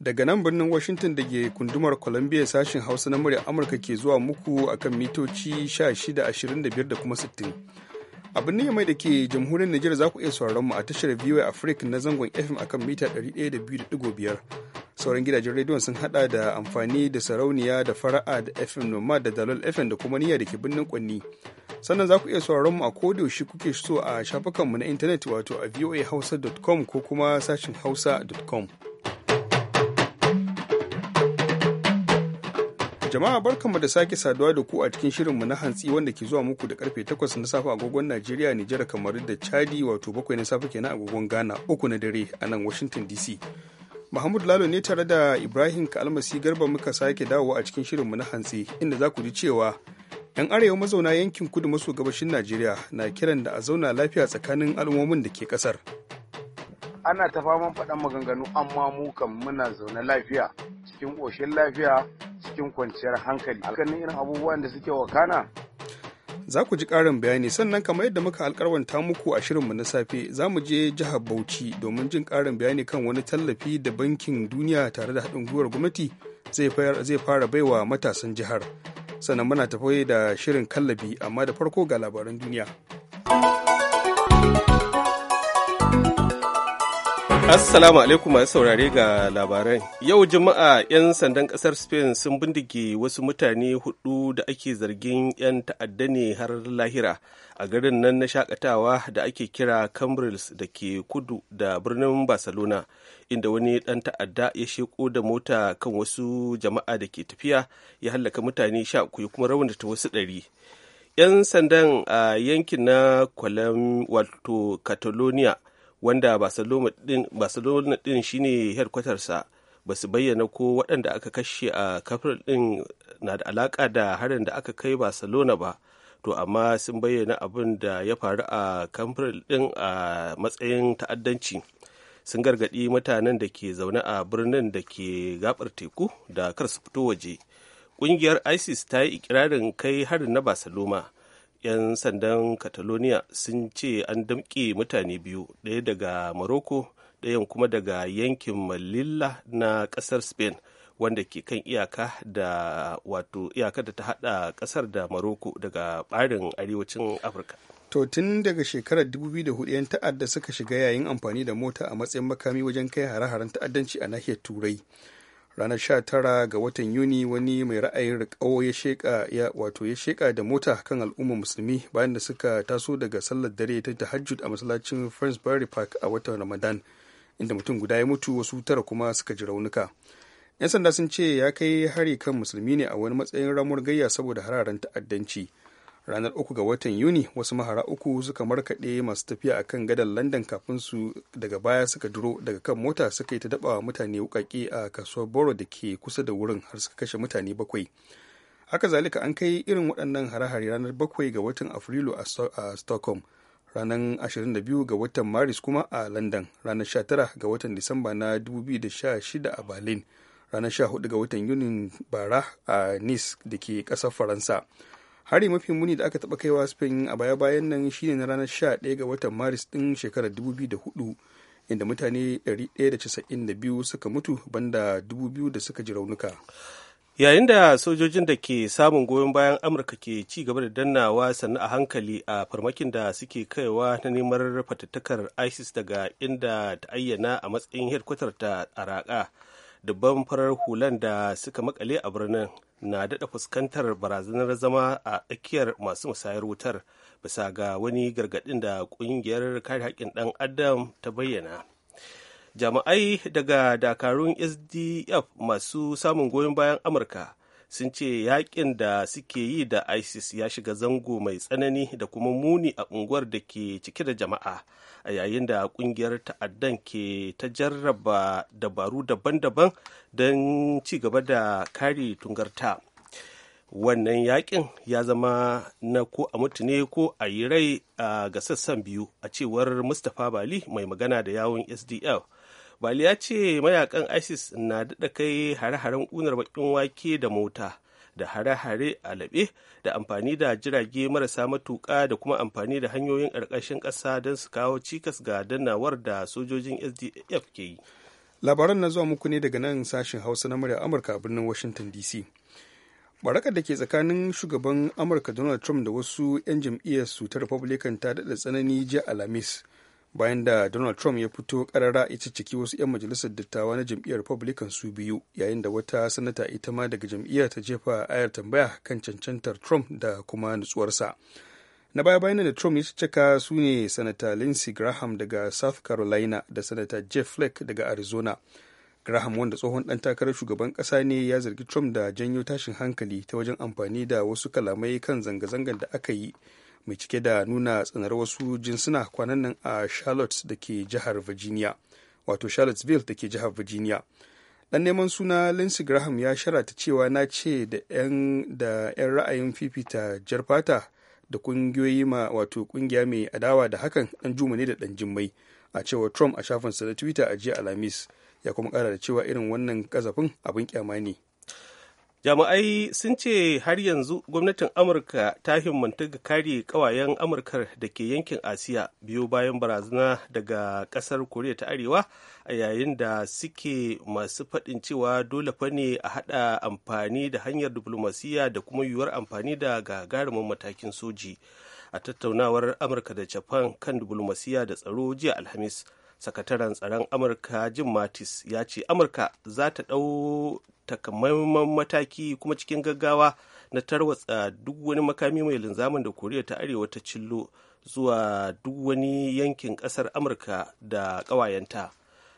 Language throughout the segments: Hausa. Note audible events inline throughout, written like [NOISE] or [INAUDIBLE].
Daga nan birnin Washington da ke kundumar Columbia sashen Hausa na murya Amurka ke zuwa muku akan mitoci 16, 25 da kuma 60. abin ne mai da ke jamhuriyar Nijar za ku iya sauraron mu a tashar VOA Africa na zangon FM akan mita 102.5 sauran gidajen rediyon sun hada da amfani da sarauniya da fara'a da FM Nomad da Dalol FM da kuma niyya da ke birnin Kwanni sannan za ku iya sauraron mu a yaushe kuke so a mu na intanet wato a voahausa.com ko kuma sashin hausa.com Jama'a barkanmu da sake saduwa da ku a cikin shirinmu na hantsi wanda ke zuwa muku da karfe 8 na safe agogon Najeriya, Nijar, kamar da Chadi wato 7 na safe kenan agogon Ghana, uku na dare a nan Washington DC. Mahmud Lalo ne tare da Ibrahim Kalmasi Garba muka sake dawowa a cikin shirinmu na hantsi inda za ku ji cewa 'yan arewa mazauna yankin kudu maso gabashin Najeriya na kiran da a zauna lafiya tsakanin al'ummomin da ke kasar. Ana ta faman faɗan maganganu amma mu kan muna zaune lafiya cikin ƙoshin lafiya cikin kwanciyar hankali alkanin irin abubuwan da suke wakana za ku ji ƙarin bayani sannan kamar yadda muka alkarwanta muku a shirinmu na safe za mu je jihar bauchi domin jin ƙarin bayani kan wani tallafi da bankin duniya tare da haɗin gwiwar gwamnati zai fara baiwa matasan jihar sannan muna tafiye da shirin kallabi amma da farko ga labaran duniya. Assalamu alaikum masu saurare ga labaran. Yau Juma'a 'yan sandan kasar Spain sun bindige wasu mutane hudu da ake zargin 'yan ta'adda ne har lahira a garin nan na shakatawa da ake kira Cambrils da ke kudu da birnin Barcelona inda wani ɗan ta'adda ya sheko da mota kan wasu jama'a da ke tafiya ya hallaka mutane sha uku kuma raunata wasu ɗari. 'Yan sandan a yankin na Colombia wato Catalonia wanda barcelona din shine headkwatarsa ba su bayyana ko waɗanda aka kashe a kafar din na da alaƙa da harin da aka kai barcelona ba to amma sun bayyana abin da ya faru a kamfanin din a matsayin ta'addanci sun gargaɗi mutanen da ke zaune a birnin da ke gabar teku da kar su fito waje ƙungiyar isis ta yi ikirarin kai harin na barcelona 'yan sandan catalonia sun ce an damƙe mutane biyu ɗaya daga morocco ɗayan kuma daga yankin malilla na ƙasar spain wanda ke kan iyaka da wato iyaka da ta haɗa ƙasar da morocco daga ɓarin arewacin afirka to tun daga shekarar 2004 'yan ta'adda suka shiga yayin amfani da mota a matsayin makami wajen kai hare-haren ta'addanci a nahiyar turai ranar sha tara ga watan yuni wani mai ra'ayin rikawo ya sheka ya wato ya sheka da mota kan al'ummar musulmi bayan da suka taso daga sallar dare ta tahajjud a masallacin Friendsbury Park a watan Ramadan inda mutum guda ya mutu wasu tara kuma suka ji raunuka. 'Yan sanda sun ce ya kai hari kan musulmi ne a wani matsayin ramuwar gayya saboda hararen ta'addanci. ranar uku ga watan yuni wasu mahara uku suka markaɗe masu tafiya a kan gadar london kafin su daga baya suka duro daga kan mota suka yi ta daba mutane wukake a kasuwar boro da ke kusa da wurin har suka kashe mutane bakwai haka zalika an kai irin waɗannan hare-hare ranar bakwai ga watan afrilu a stockholm ranar 22 ga watan maris kuma a london ranar 19 ga watan disamba na 2016 a berlin ranar 14 ga watan yunin bara a nice da ke ƙasar faransa hari mafi muni da aka taba kaiwa spain a baya-bayan nan shine na ranar 11 ga watan maris ɗin shekarar 2004 inda mutane 192 suka mutu banda 2000 da suka ji raunuka yayin da sojojin da ke samun goyon bayan amurka ke ci gaba da dannawa sannu a hankali a farmakin da suke kaiwa na neman fatattakar isis daga inda ta ayyana a matsayin ta a dubban farar hulan da suka makale a birnin na daɗa fuskantar barazanar zama a tsakiyar masu musayar wutar bisa ga wani gargaɗin da ƙungiyar kare haƙƙin ɗan adam ta bayyana jami'ai daga dakarun sdf masu samun goyon bayan amurka sun ce yakin da suke yi da isis ya shiga zango mai tsanani da kuma muni a unguwar da ke cike da jama'a a yayin da kungiyar ta'addan ke ta jarraba dabaru daban-daban don ci gaba da kare tungarta wannan yakin ya zama na ko a mutune ko a yi rai ga sassan biyu a cewar mustapha bali mai magana da yawon sdl bali ya ce mayakan isis na daɗa kai hare-haren ƙunar bakin wake da mota da hare-hare a laɓe da amfani da jirage marasa matuƙa da kuma amfani da hanyoyin ƙarƙashin ƙasa don su kawo cikas ga dannawar da sojojin sdf ke yi labaran na zuwa muku ne daga nan sashen hausa na murya amurka a birnin washington dc barakar da ke tsakanin shugaban amurka donald trump da wasu 'yan jam'iyyar su ta republican ta daɗa tsanani jiya alhamis bayan da donald trump ya fito karara ya ciki wasu 'yan majalisar dattawa na jam'iyyar republican su biyu yayin da wata sanata ita ma daga jam'iyyar ta jefa ayar tambaya kan cancantar trump da kuma nutsuwarsa na baya bayan da trump ya caka su ne sanata lindsey graham daga south carolina da sanata jeff flake daga arizona graham wanda tsohon dan takarar shugaban kasa ne ya zargi trump da janyo tashin hankali ta wajen amfani da wasu kalamai kan zanga-zangar da aka yi mai cike da nuna tsanar wasu jinsuna kwanan nan a charlotte da ke jihar virginia wato charlottesville da ke jihar virginia dan neman suna lindsey graham ya sharata cewa na ce da 'yan da 'yan ra'ayin fifita jar fata da kungiyoyi ma wato kungiya mai adawa da hakan dan juma ne da dan jimmai a cewa trump a shafinsa na twitter a jiya alhamis ya kuma kara da cewa irin wannan kazafin abin kyama ne jami'ai sun ce har yanzu gwamnatin amurka ta himmanta ga kare kawayen amurkar da ke yankin asiya biyo bayan barazana daga kasar koriya ta arewa a yayin da suke masu faɗin cewa dole fa ne a haɗa amfani da hanyar diplomasiya da kuma yiwuwar amfani da gagarumin matakin soji a tattaunawar amurka da japan kan diplomasiya da tsaro jiya alhamis sakataren tsaron amurka jim mattis ya ce amurka za ta ɗau takamaiman mataki kuma cikin gaggawa na tarwatsa duk wani makami mai linzamin da koriya ta arewa ta cillo zuwa duk wani yankin ƙasar amurka da ƙawayenta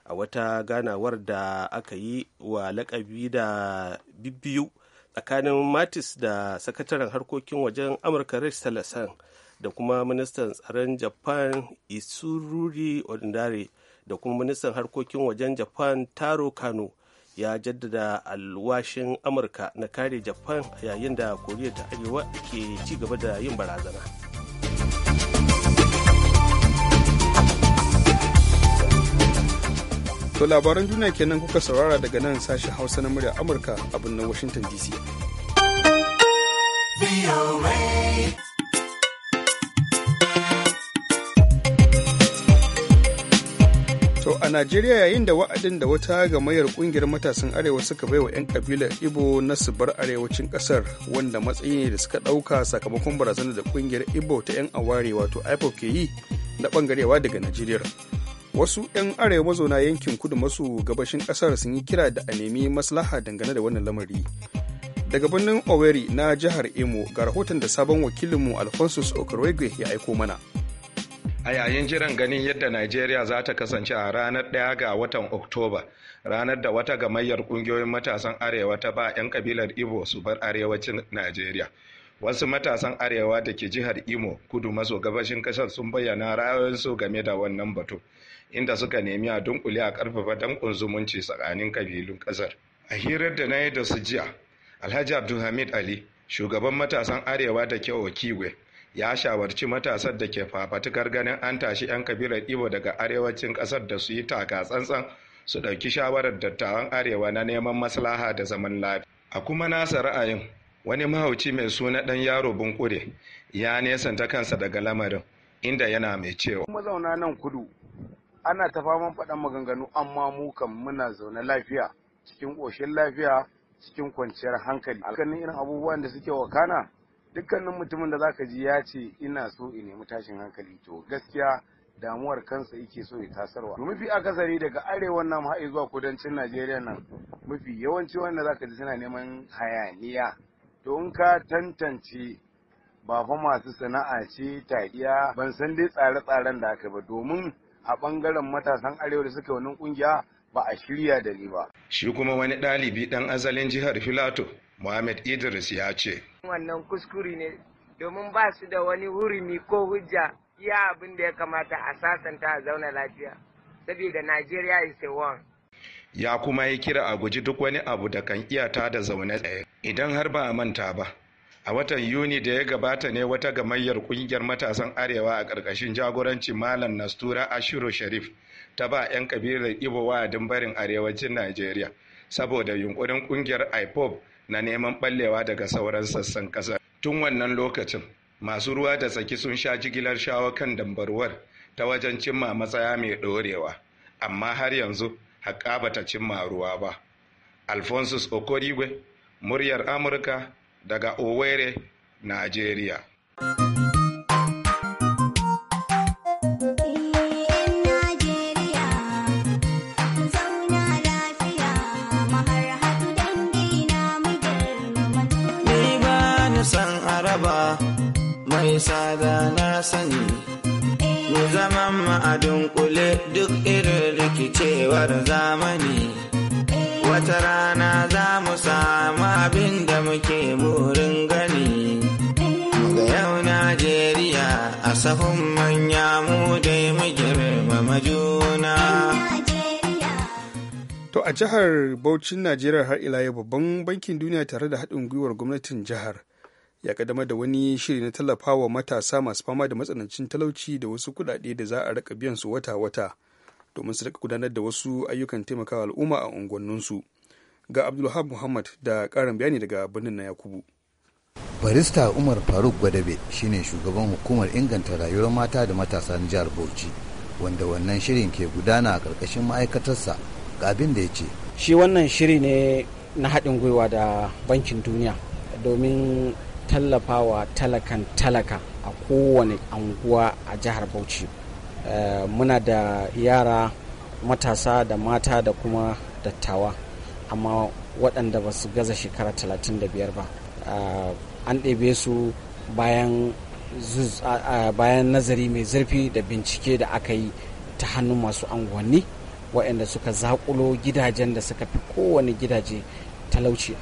a wata ganawar da aka yi wa lakabi da bibbiyu tsakanin matis da sakataren harkokin wajen amurka rex tillerson da kuma ministan tsaron japan isururi ordinary da kuma ministan harkokin wajen japan taro kano ya jaddada alwashin amurka na kare japan yayin da koriya ta arewa ke ci gaba da yin barazana to labaran duniya kenan kuka saurara daga nan sashen hausa na murya amurka a birnin washington dc To a Najeriya yayin da wa'adin da wata gamayar kungiyar matasan arewa suka bai wa 'yan kabilar Ibo na su bar arewacin kasar wanda matsayi ne da suka ɗauka sakamakon barazanar da kungiyar Ibo ta 'yan aware wato IPOP ke yi na bangarewa daga Najeriya. Wasu 'yan arewa mazauna yankin kudu masu gabashin kasar sun yi kira da a nemi maslaha dangane da wannan lamari. Daga birnin Oweri na jihar Imo ga rahoton da sabon wakilinmu Alphonsus Okorwege ya aiko mana. a yayin jiran ganin yadda Najeriya za ta kasance a ranar 1 ga watan Oktoba, ranar da wata gamayyar ƙungiyoyin matasan Arewa ta ba 'yan kabilar Igbo su bar arewacin Najeriya. Wasu matasan Arewa da ke jihar Imo kudu maso gabashin kasar sun bayyana ra'ayoyinsu game da wannan batu, inda suka nemi a dunkule a karfafa dankun zumunci tsakanin kabilun kasar. A hirar da na yi da su jiya, Alhaji Abdulhamid Ali, shugaban matasan Arewa da ke Okiwe, ya shawarci matasan da ke fafatukar ganin an tashi 'yan kabilar ibo daga arewacin ƙasar da su yi taka tsantsan su ɗauki shawarar dattawan arewa na neman maslaha da zaman lafiya a kuma nasa ra'ayin wani mahauci mai suna ɗan yaro bunkure ya nesanta kansa daga lamarin inda yana mai cewa mazauna nan kudu ana ta faman faɗan maganganu amma mu kan muna zaune lafiya cikin ƙoshin lafiya cikin kwanciyar hankali alkanin irin abubuwan da suke wakana dukkanin mutumin da zaka ji ya ce ina so in nemi tashin hankali to gaskiya damuwar kansa yake so ya tasarwa to mafi akasari daga arewa nan har zuwa kudancin Najeriya nan mafi yawanci wanda zaka ji suna neman hayaniya to in ka tantance ba masu sana'a ce tadiya ban san dai tsare-tsaren da aka ba domin a ɓangaren matasan arewa da suka wannan kungiya ba a shirya da ni ba. Shi kuma wani ɗalibi ɗan azalin jihar Filato, Muhammad Idris ya ce. Wannan kuskure ne domin ba su da wani hurumi ko hujja iya abin da ya kamata a sasanta a zauna lafiya. Saboda Najeriya is the one. Ya kuma yi kira a guji duk wani abu da kan iya ta da zaune tsaye. Idan har ba a manta ba, a watan yuni da ya gabata ne wata gamayyar kungiyar matasan arewa a ƙarƙashin jagorancin malam nastura ashiru sharif ta ba 'yan kabilar ibo wa'adin barin arewacin najeriya saboda yunkurin kungiyar ipob na neman ɓallewa daga sauran sassan ƙasa tun wannan lokacin masu ruwa da tsaki sun sha jigilar shawo kan dambarwar ta wajen cimma matsaya mai ɗorewa amma har yanzu haƙa bata cimma ruwa ba alphonsus okorigwe muryar amurka daga owerri najeriya mai sada na sani mu zaman ma'adin kule duk irin rikicewar zamani wata rana za mu samu abin da muke burin gani ga yau najeriya a sahun manya mu dai mu girmama juna. To a jihar Bauchin Najeriya har ila yau babban bankin duniya tare da haɗin gwiwar gwamnatin jihar ya kaddamar da wani shiri na tallafawa matasa masu fama da matsanancin talauci da wasu kuɗaɗe da za a rika biyan su wata-wata domin su rika gudanar da wasu ayyukan taimakawa al'umma a unguwanninsu ga abdulhab muhammad da ƙarin bayani daga birnin na yakubu barista umar faruk gwadabe shine shugaban hukumar inganta rayuwar mata da matasa na jihar bauchi wanda wannan shirin ke gudana a ƙarƙashin ma'aikatarsa ga abin da ya ce shi wannan shiri ne na haɗin gwiwa da bankin duniya domin tallafawa talakan talaka a kowane anguwa a jihar bauchi eh, muna da yara matasa da mata da kuma dattawa amma waɗanda ba su gaza shekara 35 ba eh, an ɗebe su bayan bayan nazari mai zurfi da bincike da aka yi ta hannu masu anguwanni waɗanda suka zaƙulo gidajen da suka fi kowane gidaje talauci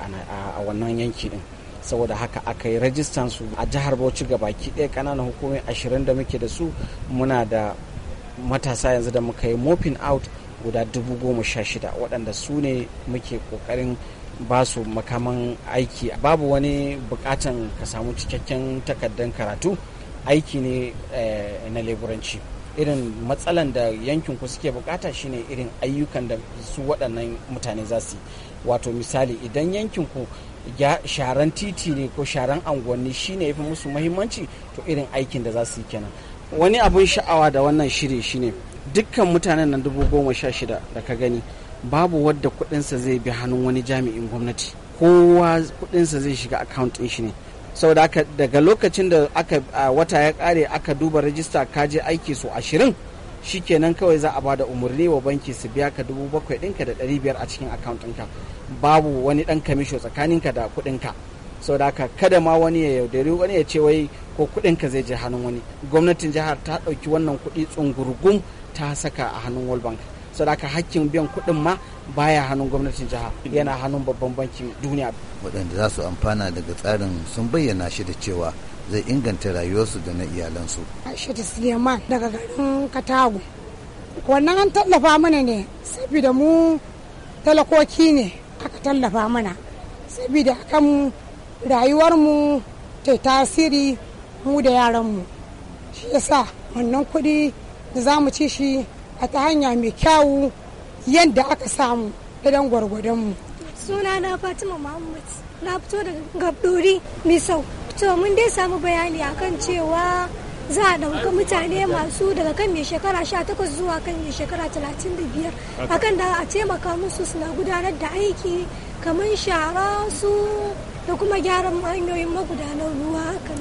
a wannan yanki din saboda haka aka yi rajistan su a jihar bauchi ga baki ɗaya kananan hukumomi ashirin da muke da su muna da matasa yanzu da muka yi mopin out guda dubu goma sha shida waɗanda su ne muke ƙoƙarin ba su makaman aiki babu wani buƙatan ka samu cikakken takardar karatu aiki ne eh, na leburanci irin matsalan da yankin ku suke bukata shine irin ayyukan da su waɗannan mutane za su yi wato misali idan yankin ku sharan titi ne ko sharan unguwanni shine yafi musu muhimmanci to irin aikin da za su yi kenan wani abin sha'awa da wannan shiri shine dukkan mutanen nan dubu goma sha shida da ka gani babu wadda kudinsa zai bi hannun wani jami'in gwamnati kowa kudinsa zai shiga account ɗin shi ne saboda daga lokacin da aka wata ya kare aka duba rajista ka je aiki so ashirin shi kenan kawai za a bada umarni wa banki su biya ka dubu bakwai ɗinka da ɗari biyar a cikin account ɗinka babu wani ɗan kamisho tsakaninka da kuɗinka sau da kada ma wani ya yaudari wani ya ce wai ko kuɗinka zai je hannun wani gwamnatin jihar ta ɗauki wannan kuɗi tsungurgun ta saka a hannun world bank sau da hakkin biyan kuɗin ma baya hannun gwamnatin jiha yana hannun babban bankin duniya waɗanda za su amfana daga tsarin sun bayyana shi da cewa zai inganta rayuwarsu da na iyalansu aisha suleiman daga garin katago wannan an tallafa mana ne saboda mu talakoki ne aka tallafa mana saboda akan rayuwarmu ta tasiri mu da yaranmu shi yasa wannan kuɗi da za mu ci shi a ta hanya mai kyawu yadda aka samu idan gwargwadonmu. suna na fatima muhammad na fito daga gabdori misau to mun dai samu bayani akan cewa za a ɗauka mutane masu daga kan mai shekara 18 zuwa kan mai shekara 35 akan da a taimaka musu suna gudanar da aiki kamar shara su da kuma gyaran hanyoyin magudanar ruwa hakan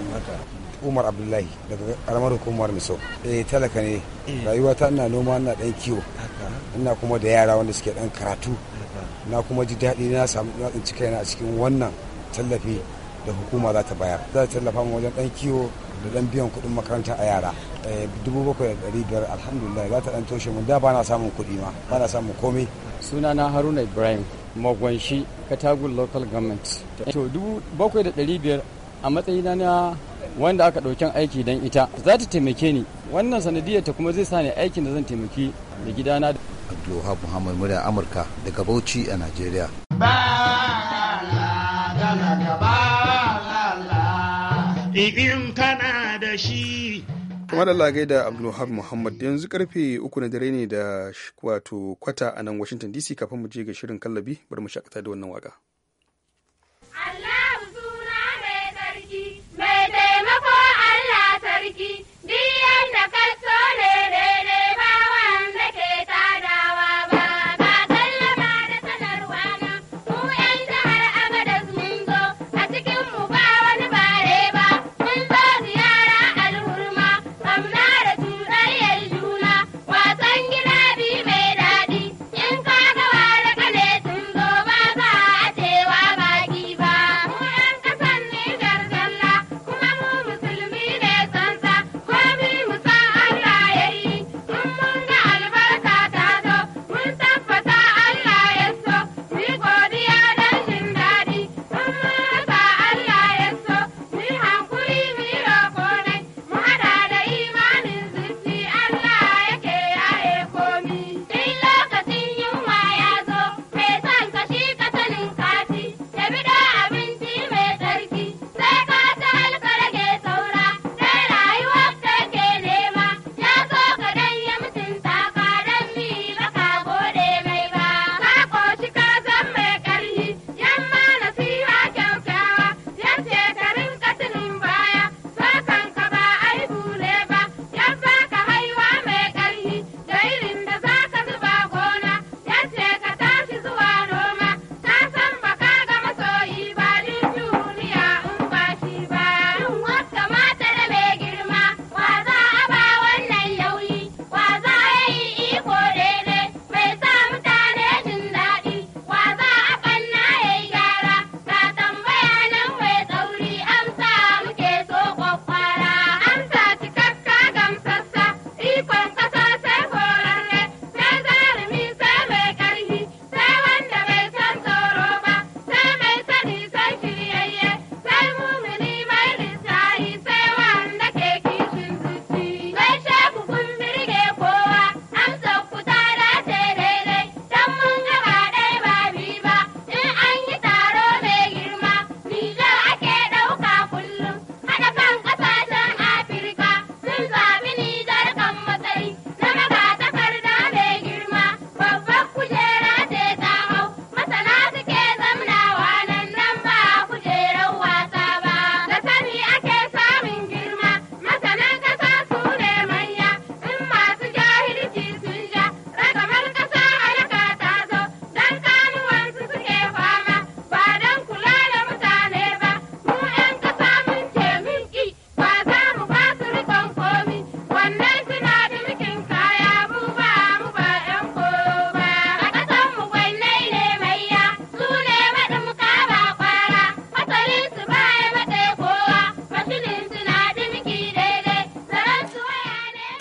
umar abdullahi daga karamar hukumar miso eh talaka ne eh. rayuwa ta ina noma ina ɗan kiwo ina kuma da yara wanda suke dan karatu na kuma ji daɗi na samu na tsinci kaina a cikin wannan tallafi da hukuma za ta bayar za ta tallafa mu wajen dan kiwo da dan biyan kuɗin makaranta a yara eh, dubu bakwai da ɗari biyar alhamdulillah za ta dan toshe mu da ba na samun kuɗi ma ba na samun komai sunana haruna ibrahim magwanshi katagun local government to dubu bakwai da ɗari biyar a matsayina na wanda aka ɗauki aiki don ita za ta taimake ni wannan sanadiyar ta kuma zai sa ni aikin da zan taimaki da gidana abdulwahab muhammad murya amurka daga bauchi a nigeria kana kuma da lagai da abdulwahab muhammad yanzu karfe uku na dare ne da wato kwata a nan washington dc kafin mu je ga shirin kallabi bari mu shakata da wannan waka Allah suna mai sarki mai taimako Allah sarki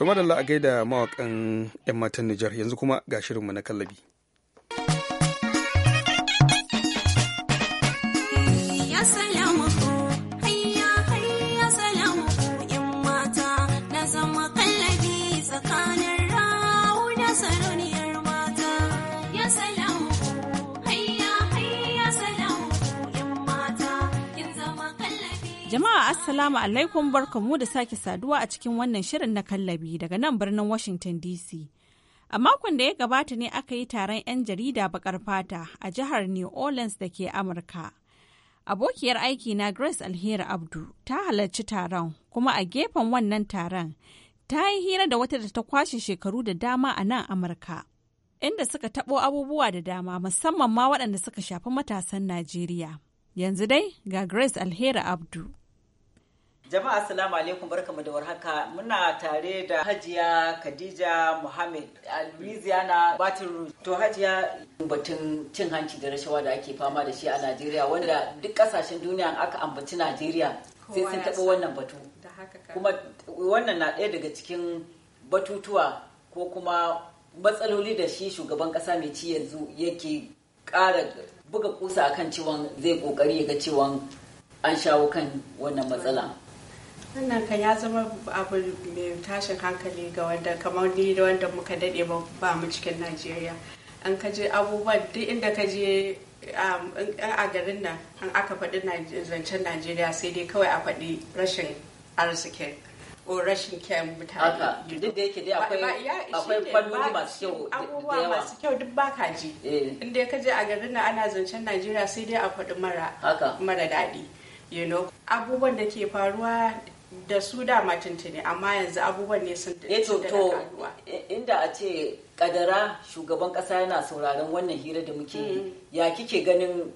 To da a da mawakan 'yan matan Nijar yanzu kuma ga shirinmu na kallabi. Assalamu alaikum barkamu da sake saduwa a cikin wannan shirin na kallabi daga nan birnin Washington DC. A makon da ya gabata ne aka yi taron 'yan jarida bakar fata a jihar New Orleans da ke Amurka. Abokiyar aiki na Grace Alheri Abdu ta halarci taron kuma a gefen wannan taron ta yi hira da wata da ta kwashe shekaru da dama a nan Amurka. Inda suka taɓo abubuwa da dama musamman ma waɗanda suka shafi matasan Najeriya. Yanzu dai ga Grace Alheri Abdu. Jama'a assalamu alaikum barkamu da warhaka muna tare da Hajiya Khadija Muhammad a Louisiana Baton Rouge. To Hajiya batun cin hanci da rashawa da ake fama da shi a Najeriya wanda duk kasashen duniya aka ambaci Najeriya sai sun taɓa wannan batu. Kuma wannan na ɗaya daga cikin batutuwa ko kuma matsaloli da shi shugaban ƙasa mai ci yanzu yake ƙara buga kusa akan ciwon zai ƙoƙari ga ciwon an shawo kan wannan matsala. wannan kan ya zama abu mai tashin hankali ga wanda kamar ni da wanda muka dade ba mu cikin najeriya an ka je abubuwan duk inda ka je um, a garin nan an aka faɗi zancen najeriya sai dai kawai a faɗi rashin arzikin ko rashin kyan mutane duk da yake dai akwai kwallo masu kyau abubuwa masu kyau duk ba ka ji eh. inda ka je a garin nan ana zancen najeriya sai dai a faɗi mara daɗi abubuwan da ke faruwa da su dama tuntuni amma yanzu abubuwan ne sun eh to inda a ce kadara shugaban kasa yana sauraron wannan hira da muke yi mm. ya kike ganin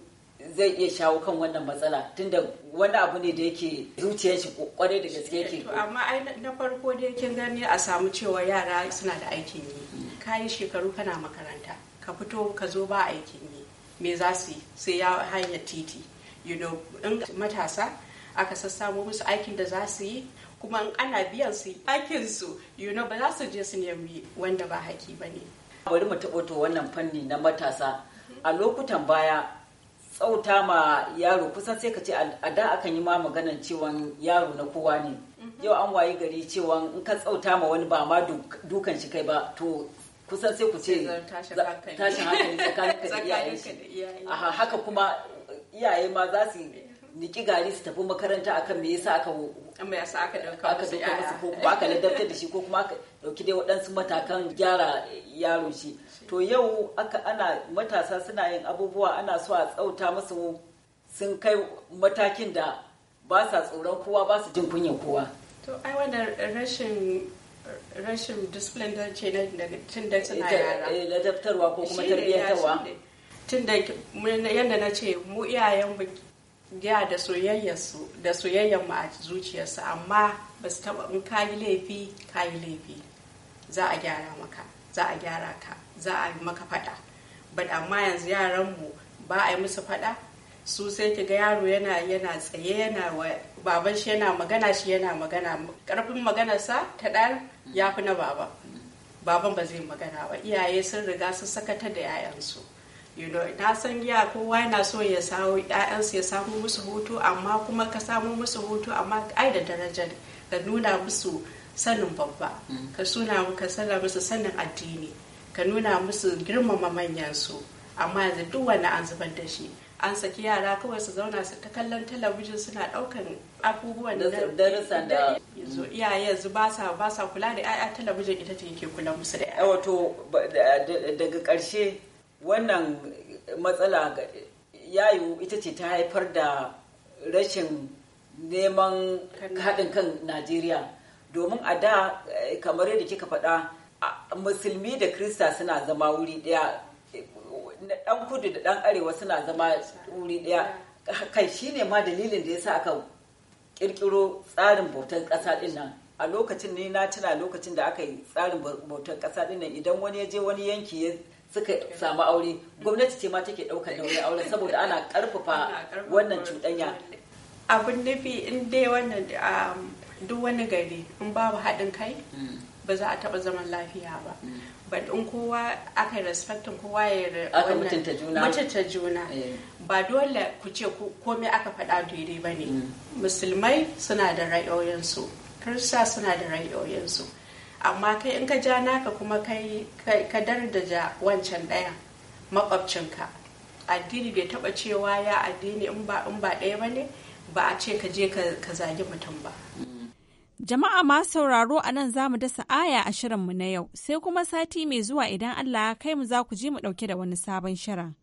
zai iya shawo kan wannan matsala tunda wani abu ne da yake zuciyar shi kwarai da gaske yake to amma ai na farko dai kin gani a samu cewa yara suna da aikin yi kayi shekaru kana makaranta ka fito ka zo ba aikin yi me za su yi sai ya hanyar titi you know matasa aka sassamo musu aikin da za su yi kuma ana biyan su aikin su you know ba za su je su nemi wanda ba haƙi ba ne bari mu taɓo to wannan fanni na matasa a lokutan baya tsauta ma yaro kusan sai ka ce a da akan yi ma maganan cewa yaro na kowa ne mhm. yau an wayi gari cewa in ka tsauta ma wani ba ma dukan shi kai ba to kusan sai ku ce tashin hankali tsakanin ka da [LAUGHS] iyaye haka kuma iyaye ma za su niki gari su tafi makaranta akan me yasa aka me yasa aka dauka aka dauka musu ko kuma aka ladabta da shi ko kuma aka dauki dai waɗansu matakan gyara yaro shi to yau aka ana matasa suna yin abubuwa ana so a tsauta musu sun kai matakin da ba sa tsoron kowa ba su jin kunyan kowa to ai wannan rashin rashin discipline da ce na tun da suna yara eh, ladabtarwa ko kuma tarbiyyantarwa tun da yadda na ce mu iyayen ya da soyayyarsu da soyayyar mu a zuciyarsu amma ba su taba in kayi laifi kayi laifi za a gyara maka za a gyara ka za a yi maka fada but amma yanzu yaran mu ba a yi musu fada su sai ki ga yaro yana yana tsaye yana wa, baban shi yana magana shi yana magana karfin maganarsa ta ɗaya ya fi na baba baban ba zai magana ba iyaye sun riga sun sakata da 'ya'yansu Na san giya kowa yana so ya samu ɗayansu ya samu musu hutu amma kuma ka samu musu hutu amma ai da darajar ka nuna musu sanin babba mm. ka suna ka sana musu sanin addini ka nuna musu girmama manyan su amma yanzu duk wani an zubar da shi an saki yara kawai su zauna su ta kallon talabijin suna ɗaukan abubuwan da darasan da mm. yanzu iyaye yanzu ba sa ba sa kula da 'ya'ya talabijin ita ce yake kula musu da wato daga karshe wannan matsala ya yiwu ita ce ta haifar da rashin neman haɗin kan najeriya domin a da eh, kamar yadda kika faɗa musulmi da krista suna zama wuri ɗaya ɗan kudu da ɗan arewa suna zama wuri ɗaya kai shine ma dalilin da ya sa aka ƙirƙiro tsarin bautan ƙasa ɗin nan a lokacin ne na tuna lokacin da aka yi tsarin bautan ƙasa ɗin nan idan wani ya je wani yanki ya. suka samu aure gwamnati ce ma take ɗaukar nauyin aure. saboda ana ƙarfafa wannan cuɗanya abin nufi in dai wannan um, duk wani gari in babu haɗin kai hmm. ba za a taɓa zaman lafiya ba hmm. but in kowa aka respectin kowa ya aka mutunta juna mutunta juna eh. ba dole ku ce komai aka faɗa daidai ba ne hmm. musulmai suna da ra'ayoyinsu kirista suna da ra'ayoyinsu amma kai in ka ja naka kuma kai ka dardaja wancan ɗayan makwabcinka addini bai taɓa cewa ya addini in ba in ba ɗaya bane ba a ce ka je ka zagi mutum ba Jama'a ma sauraro a nan za mu dasa aya a shirinmu na yau, sai kuma sati mai zuwa idan Allah ya kai mu za ku ji mu ɗauke da wani sabon shirin.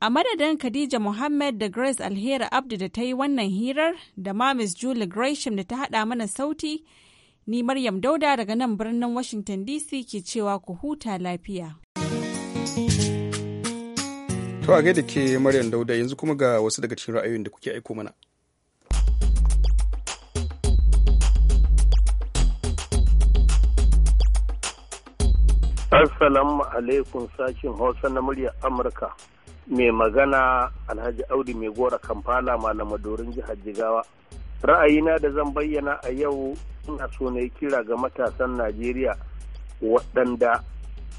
A madadin Khadija Muhammad da Grace Alheri Abdu da ta yi wannan hirar da ma Miss Julie Gresham da ta haɗa mana sauti, Ni Maryam Dauda daga nan birnin Washington DC ke cewa ku huta lafiya. To a gaida ke Maryam Dauda yanzu kuma ga wasu daga cikin ra'ayoyin da kuke aiko mana. Assalamu alaikum sashen Hausa na muryar Amurka. Mai magana Alhaji Audu mai gora Kamfala malama dorin jihar Jigawa. ra'ayina da zan bayyana a yau ina so na kira ga matasan najeriya waɗanda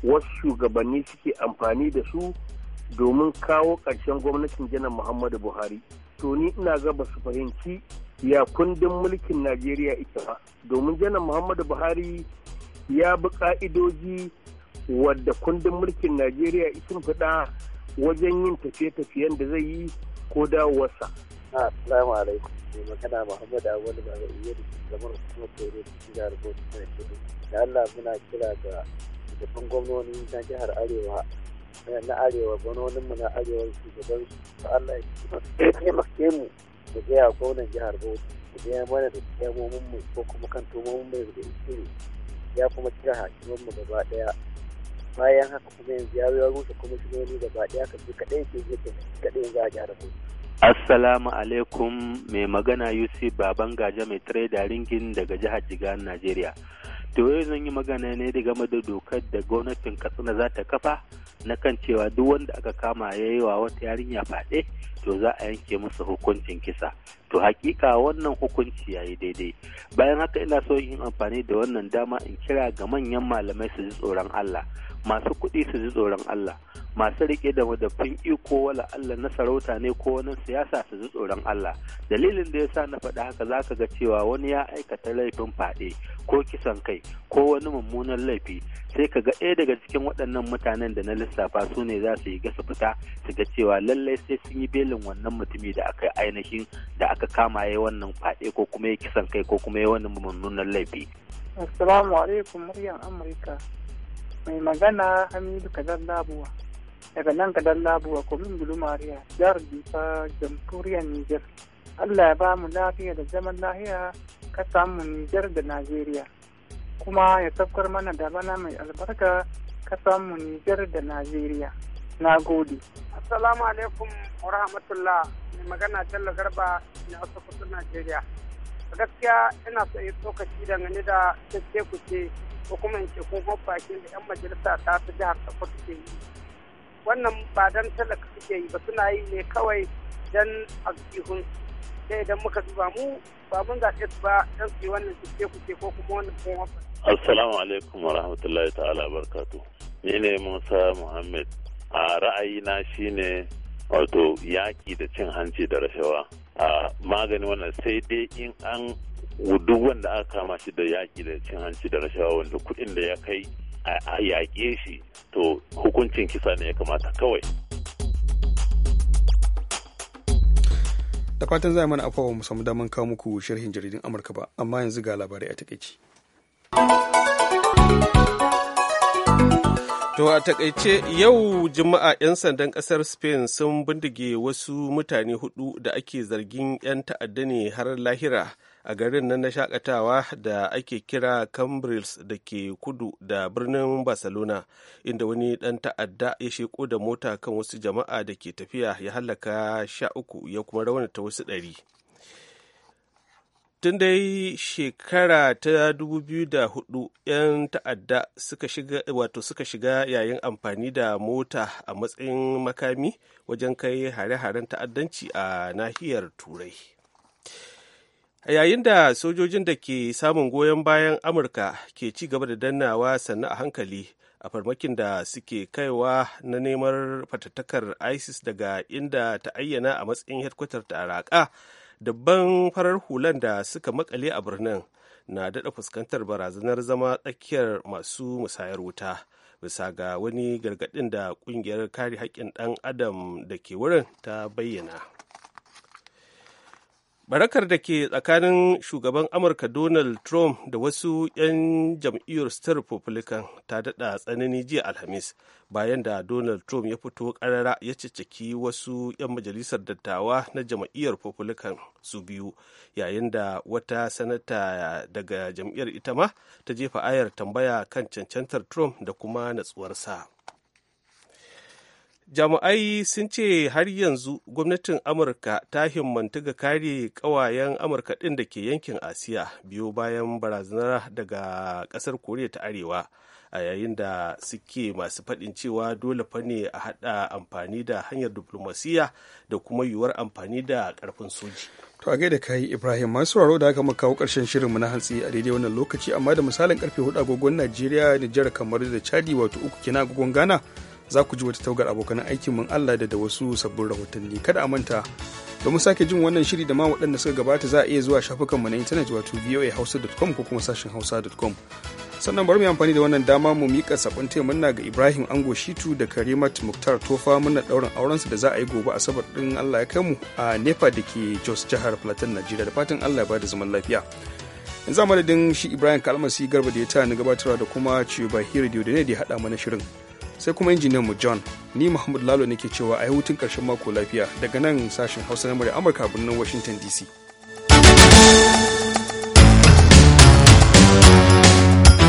wasu shugabanni suke amfani da su domin kawo ƙarshen gwamnatin janar muhammadu buhari to ni ina ga ba su fahimci ya kundin mulkin najeriya ita ba domin janar muhammadu buhari ya bi ƙa'idoji wadda kundin mulkin najeriya isin fiɗa wajen yin tafiye-tafiyen da zai yi ko dawowarsa Assalamu alaikum. Mai magana Muhammad Awal ba ga iya da kuma tsoro da jihar Bauchi ta Kudu. Da Allah muna kira ga shugaban gwamnoni na jihar Arewa na Arewa gwamnoninmu na Arewa shugaban su Allah ya taimake mu da gaya gwamnan jihar Bauchi. Da ya mana da kyamomin mu ko kuma kan tomomin mu da isiri ya kuma kira hakiman mu gaba daya bayan haka kuma yanzu ya rushe kuma shi gaba daya ka ke je kadai za a gyara Bauchi. Assalamu alaikum mai magana Yusuf Baban Gaja mai da ringin daga jihar Jigan Najeriya. To yau zan yi magana ne game da dokar da gwamnatin Katsina za ta kafa na kan cewa duk wanda aka kama ya yi wa wata yarinya faɗe to za a yanke musu hukuncin kisa. To hakika wannan hukunci ya yi daidai. Bayan haka ina so yin amfani da wannan dama in kira ga manyan malamai su ji tsoron Allah. masu kuɗi su ji tsoron Allah masu riƙe da madafin iko wala Allah na sarauta ne ko wani siyasa su ji tsoron Allah dalilin da yasa na faɗi haka za ka ga cewa wani ya aikata laifin faɗe ko kisan kai ko wani mummunan laifi sai ka ga ɗaya daga cikin waɗannan mutanen da na lissafa su ne za su yi gasa fita su ga cewa lallai sai sun yi belin wannan mutumi da aka ainihin da aka kama ya wannan faɗe ko kuma ya kisan kai ko kuma ya wani mummunan laifi. Assalamu alaikum muryar Amurka. mai magana hamidu kadar labuwa daga nan kadar labuwa komin bulumariya jihar jifa jamhuriyar niger allah ya ba mu lafiya da zaman lahiya ka samu niger da najeriya kuma ya tafkar mana da bana mai albarka ka samu niger da najeriya na gode assalamu alaikum wa rahmatullah mai magana jallo garba na kusur najeriya gaskiya ina so yi tsokaci dangane da ku ce ko kuma in ce bakin da 'yan majalisa ta su jihar Sokoto suke yi. Wannan ba dan talaka suke yi ba suna yi ne kawai dan aljihun sai idan muka duba mu ba mun ga su ba dan su yi wannan suke kuke ko kuma wannan kuma Assalamu alaikum wa rahmatullahi ta'ala barkatu. Ni ne Musa Muhammad. A ra'ayina shine wato yaki da cin hanci da rashawa. A magani wannan sai dai in an duk wanda aka kama shi da yaƙi da cin hanci da rashawa wanda kuɗin da ya kai a yaƙe shi to hukuncin kisa ne ya kamata kawai. da fatan zai mana afawa mu samu damar kawo muku sharhin jaridun amurka ba amma yanzu ga labarai a takaici to a takaice yau juma'a 'yan sandan kasar spain sun bindige wasu mutane hudu da ake zargin 'yan ta'adda ne har lahira a garin nan na shakatawa da ake kira cambrils da ke kudu da birnin barcelona inda wani dan ta'adda ya sheko da mota kan wasu jama'a da ke tafiya ya halaka sha uku ya kuma raunata wasu ɗari tun dai shekara ta 2004 'yan ta'adda wato suka shiga yayin amfani da mota a matsayin makami wajen kai hare-haren ta'addanci a nahiyar turai a yayin da sojojin da ke samun goyon bayan amurka ke ci gaba da dannawa sannu a hankali a farmakin da suke kaiwa na neman fatattakar isis daga inda ta ayyana a matsayin hedkwatar ta araka dabban farar hulan da suka makale a birnin na daɗa fuskantar barazanar zama tsakiyar masu musayar wuta bisa ga wani gargaɗin da ƙungiyar kare haƙƙin ɗan adam da ke wurin ta bayyana barakar da ke tsakanin shugaban amurka donald trump da wasu 'yan jam'iyyar star republican ta daɗa tsanani jiya alhamis bayan da donald trump ya fito ƙarara ya cicciki wasu 'yan majalisar dattawa na jam'iyyar republican su biyu yayin da wata sanata daga jam'iyyar ita ma ta jefa ayar tambaya kan cancantar trump da kuma natsuwarsa. jami'ai sun ce har yanzu gwamnatin amurka ta himmantu ga kare kawayen amurka ɗin da ke yankin asiya biyo bayan barazanar daga ƙasar koriya ta arewa a yayin da suke masu faɗin cewa dole fa ne a haɗa amfani da hanyar diplomasiya da kuma yiwuwar amfani da ƙarfin soji to a gaida kai ibrahim masu sauraro da aka kawo ƙarshen shirinmu na hantsi a daidai wannan lokaci amma da misalin karfe hudu agogon najeriya nijar kamar da chadi wato uku kina agogon ghana za ku ji wata taugar abokan aikin mun Allah da da wasu sabbin rahotanni kada a manta mu sake jin wannan shiri da ma waɗanda suka gabata za a iya zuwa shafukan mu na intanet wato voahausa.com ko kuma sashen hausa.com sannan bari mu amfani da wannan dama mu miƙa sabon taya murna ga Ibrahim Ango Shitu da Karimat Muktar Tofa muna ɗaurin aurensu da za a yi gobe a sabar din Allah ya kai mu a Nepa da ke Jos jihar Plateau Najeriya da fatan Allah ya bada zaman lafiya. yanzu a madadin shi ibrahim kalmasi garba da ya ta ni gabatarwa da kuma ciyo bahira da ne da ya hada mana shirin sai kuma injiniyan mu john ni muhammadu lalo nake cewa a yi hutun karshen mako lafiya daga nan sashen hausa na murya amurka birnin washington dc